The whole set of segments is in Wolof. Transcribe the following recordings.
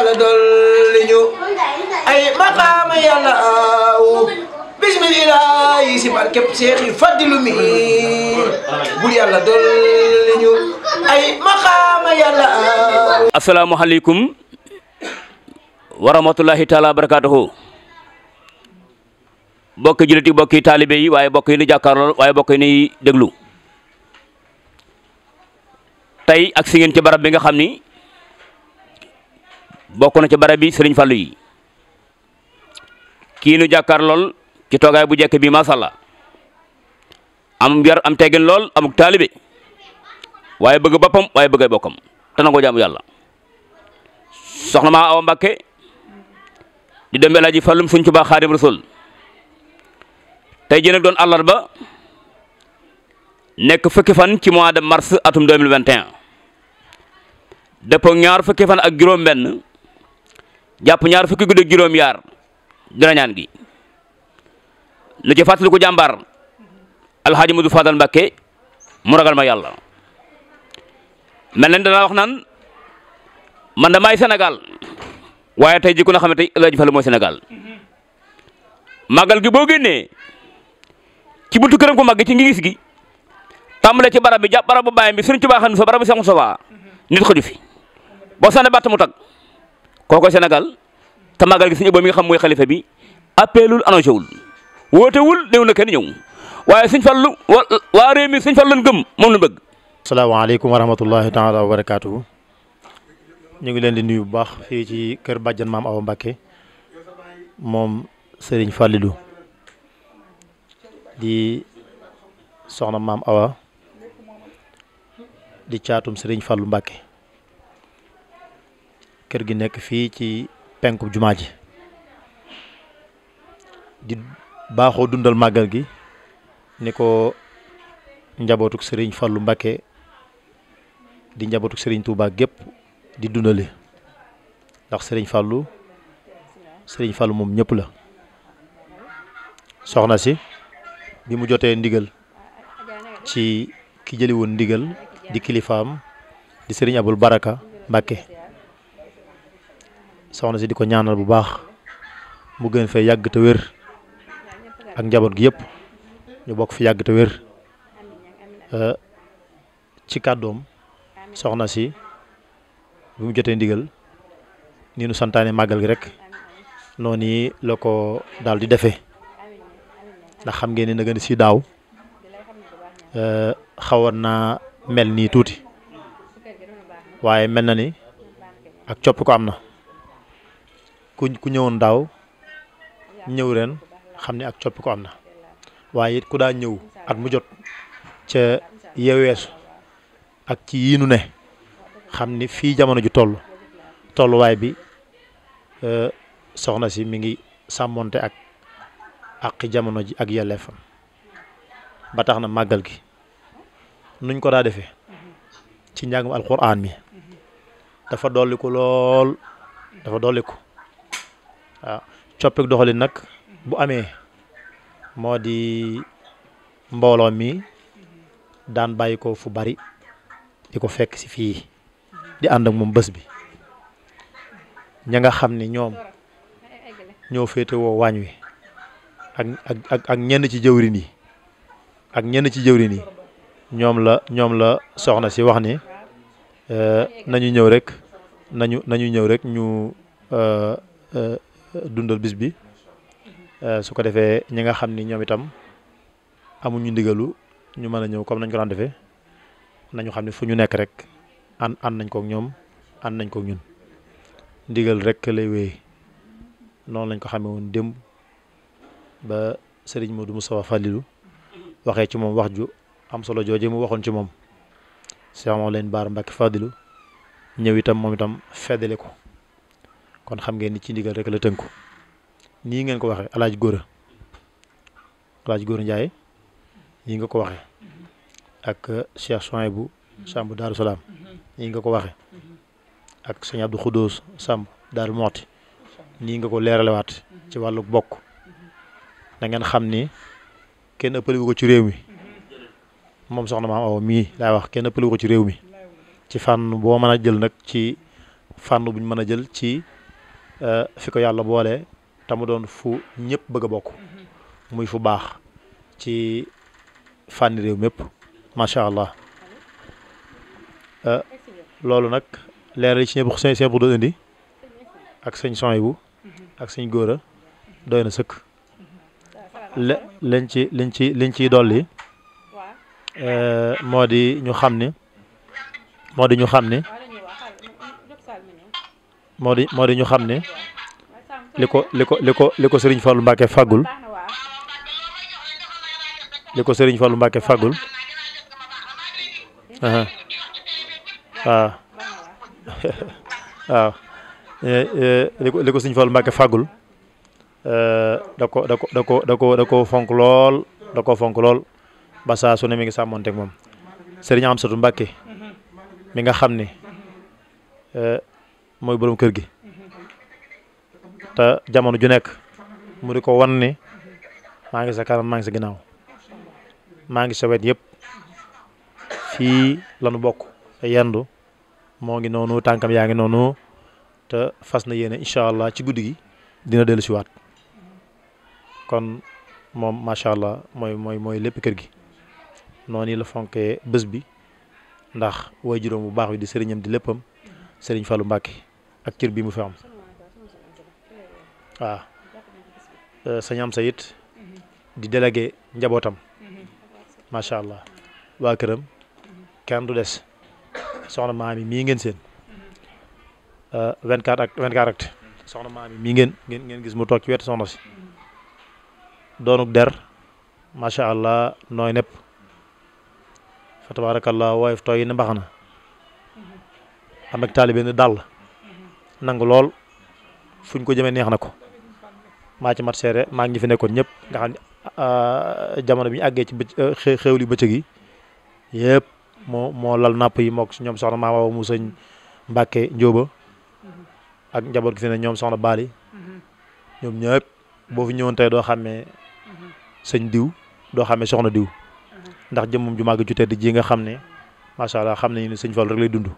yàlla dolli ñu ay maqaama yàlla taala barakatuhu bokki jullit yi bokki taalibe yi waaye bokk yi ni jàkkaarloo waaye bokki yi ni déglu tey ak si ngeen ci barab bi nga xam ni bokk na ci barab bi sëriñ Fallou yi kii nu jàkkaar lool ci toogaay bu jekk bi macha am yar am teggin lool amuk taalibe waaye bëgg bappam waaye bëgg bokkam te nangoo jaamu yàlla soxna maa Awa Mbakke di dem El Hadj Fallum Sëriñ Tuubaa Xaadim Rasul tey jii nag doon àllarba nekk fukki fan ci mois de mars atum 2021 dëppoo ñaar fukki fan ak juróom-benn jàpp ñaar fukki guddi ak juróom yaar dina ñaan gi lu ci fàttaliku jàmbaar alxaaji Mudu Fadal Mbàkke mu ragal ma yàlla mel nañ danaa wax naan man damaay Sénégal waaye tey ji ku na xam ne tey El Hadj mooy Sénégal màggal gi boo génnee ci buntu këram ko màgg ci ngi gis gi tàmbale ci barab bi jàpp barab bu bàyyam bi Sëriñ Tuubaa xam ne barab bi Seex nit ko ju boo sànni mu tag kooku senegal te màggal gi suñu Ibra mi nga xam mooy xalifa bi appelul annoncé wul wootewul néew na kenn ñëw waaye suñ fallu waa réew mi suñ gëm moom la bëgg. asalaamaaleykum wa rahmatullahi taala wa barakaatuhu ñu ngi leen di nuyu bu baax fii ci kër bàjjan maam Awa Mbakke moom Serigne Fallilou di soxna maam Awa di caatum Serigne Fallou Mbakke. kër gi nekk fii ci penku jumaa ji di baaxoo dundal màggal gi ni ko njabootuk sëriñ Fallou Mbacké di njabootuk sëriñ Touba gépp di dundale ndax sëriñ Fallou sëriñ Fallou moom ñëpp la soxna si bi mu jotee ndigal ci ki jëli woon ndigal di kilifaam di sëriñ Abul Baraka Mbacké soxna si di ko ñaanal bu baax mu gën fee yàgg te wér ak njaboot gi yëpp ñu bokk fi yàgg te wér euh, ci kàddoom soxna si bi mu jotee ndigal ni nu santaane màggal gi rek noonu yi la ko daal di defee ndax xam ngeen na gën si daaw euh, xawoon naa mel nii tuuti waaye mel na ni ak copp ko am na ku ku ñëwoon daaw ñëw ren xam ne ak coppi ko am na waaye it ku daa ñëw at mu jot ca yeweesu ak ci yii ne xam ni fii jamono ji toll tolluwaay bi e, soxna si mi ngi sàmmoonte ak àqi jamono ji ak yelleefam ba tax na màggal gi nuñ ko daa defee ci njàngum alquran mi dafa dolli lool dafa dolli waaw coppik doxalin nag bu amee moo di mbooloo mi daan bàyyi ko fu bari di ko fekk si fii di ànd ak moom bés bi ña nga xam ni ñoom ñoo féete woo waañ wi ak ak ak ñenn ci jëwrin yi ak ñenn ci jëwrin yi ñoom la ñoom la soxna si wax ni euh, nañu ñëw rek nañu nañu ñëw rek ñu euh, euh, dundal bis bi euh, su ko defee ñi nga xam ni ñoom itam amuñu ndigalu ñu mën a ñëw comme nañ ko daan defee nañu xam ne fu ñu nekk rek an an nañ kook ñoom an nañ kook ñun ndigal rek lay wéy noonu lañ ko xamee woon démb ba sëriñ Modou Moustapha Fallilou waxee ci moom wax ju am solo jooje mu waxoon ci moom Cheikh Mawlène Bara Mbacké Fadilou ñëw itam moom itam feddale ko kon xam ngeen ni ci ndigal rek la tënku nii ngeen ko waxee alaaj góora alaaj góora Ndiaye nii nga ko waxee ak euh, Cheikh Souhaïbou Samb Daaru Salaam nii nga ko waxee ak sëñ Abdou Khoudous Samb Daaru Mooti nii nga ko leeralewaat ci wàllu bokk da ngeen xam ni kenn ëppaliwu ko ci réew mi moom soxna maam aw mii laay wax kenn ëppaliwu ko ci réew mi ci fànn boo mën a jël nag ci fànn buñ mën a jël ci fi ko yàlla boole te mu doon fu ñëpp bëgg a bokk muy fu baax ci fànni réew mépp macha allah euh, loolu nag leeral yi ci ñëpp seen seen bu doon indi ak sëñ Sohaybu ak sëñ góora doy na sëkk le liñ ci liñ ci liñ ciy dolli euh, moo di ñu xam ni moo di ñu xam ni moo di moo di ñu xam ne li ko li ko li ko li ko sëriñ Fallou Mbacke fàggul li ko sëriñ Fallou Mbacke fàggul eh, eh, li ko li ko sëriñ Fallou Mbacke fàggul eh, da ko da ko da ko da ko fonk lool da ko fonk lool ba saa su ne mi ngi sàmmonteeg moom sëriñ Amsatou Mbacke mi nga xam ne mooy borom kër gi te jamono ju nekk mu di ko wan ni maa ngi sa kanam maa ngi sa ginnaaw maa ngi sa wet yëpp fii lanu bokk te yendu moo ngi noonu tànkam yaa ngi noonu te fas na yéene incha allah ci guddi gi dina dellu si waat kon moom macha allah mooy mooy mooy lépp kër gi noonu la fonkee bés bi ndax way juróom bu baax wi di sëriñam di léppam sëriñ Fallou Mbacke ak cër mu fi am waaw euh, sañ am di délégué njabootam macha allah waa këram kenn du des soxna maami mii ngeen seen 24 euh, ak maami mii ngeen ngeen ngeen gis mu toog ci wetu soxna si doonuk der macha allah nooy nepp fa tabarakallah waaye tooy na mbax na am ak taalibe nangu lool fuñ ko jëmee neex na ko maa ci mat seere maa ngi fi nekkoon ñëpp nga xam ne ah, ah, jamono bi ñu àggee ci bëccëg xéwli bëccëg yi yëpp moo moo lal napp yi mook ñoom soxna Maama mu sëñ Mbàkke Njóoba ak njaboot gi fi ne ñoom soxna Baali ñoom ñëpp boo fi ñëwoon tey doo xàmmee sëñ diw doo xàmmee soxna diw ndax jëmmum ju màgg ju tedd ji nga xam ne macha allah xam nañu ne sëñ Fall rek lay dund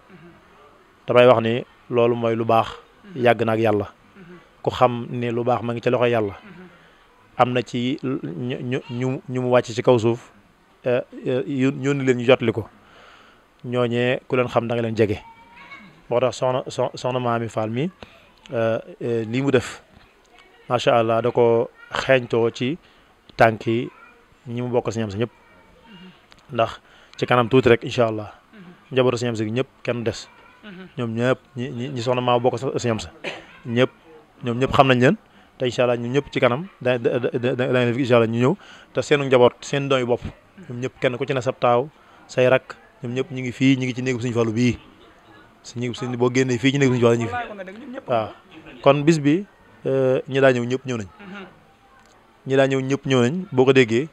damay wax ni loolu mooy lu baax mm-hmm. yàgg na yàlla mm-hmm. ku xam ni lu baax ma ngi ci loxo yàlla mm-hmm. am na ci ñu ñu ñu mu wàcc ci kaw suuf eh, eh, yónni leen ñu jotli ko ñooñee ku leen xam da nga leen jege moo tax soxna soxna Maami Fall mi eh, lii mu def macha allah da ko xeeñtoo ci tànk yi ñi mu bokk si ñam si ñëpp ndax ci kanam tuuti rek incha allah njaboot si ñam si ñëpp kenn des Mm-hmm. ñoom ñëpp ñi ñi soxna maa bokk sax si sa ñëpp ñoom ñëpp xam nañ leen te incha ñu ñëpp ci kanam da ñu ñëw te seenu njaboot seen doom yi mm-hmm. ñëpp kenn ku ci ne sab taaw say rakk ñoom ñëpp ñu ngi fii ñu ngi ci néegu suñu fàllu bii si néegu suñu boo génnee fii ñu ngi fi waaw kon bis bi euh, ñi daa ñëpp ñëw nañ mm-hmm. ñi daa ñëw ñëpp ñëw nañ boo ko déggee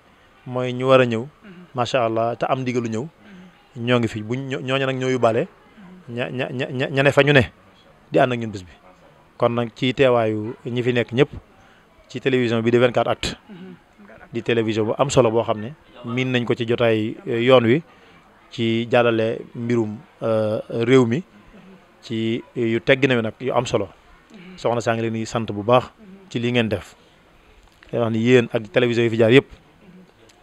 mooy ñu war a ñëw macha allah te am ndigalu ñëw ñoo ngi fii buñ ñooñu nag ñoo yóbbaale ña ña ña ña ne fa ñu ne di ànd ak ñun bis bi kon nag ci teewaayu ñi fi nekk ñëpp ci télévision bi di 24 actu di télévision bu am solo boo xam ne miin nañ ko ci jotaay euh, yoon wi ci jàllale mbirum euh, réew mi ci euh, yu tegg na nag yu am solo soxna saa ngi leen di sant bu baax ci lii ngeen def day wax ni yéen ak télévision yi fi jaar yëpp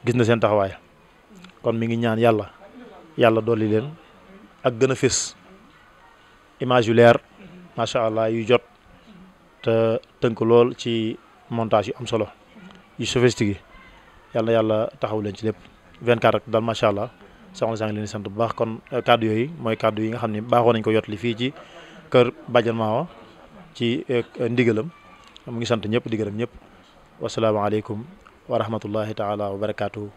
gis na seen taxawaay kon mi ngi ñaan yàlla yàlla dolli leen ak gën a fés image yu leer macha allah yu jot te tënk lool ci montage yu am solo yu sophistiqué yàlla yàlla taxaw leen ci lépp 24 rek daal macha allah soxna saa ngi leen di sant bu baax kon euh, kàddu yooyu mooy kàddu yi nga xam ni baaxoo nañ ko yotli fii ci kër Badiane Mawa ci euh, ndigalam mu ngi sant ñëpp di gërëm ñëpp wasalaamaaleykum wa rahmatullahi taala wa barakaatuhu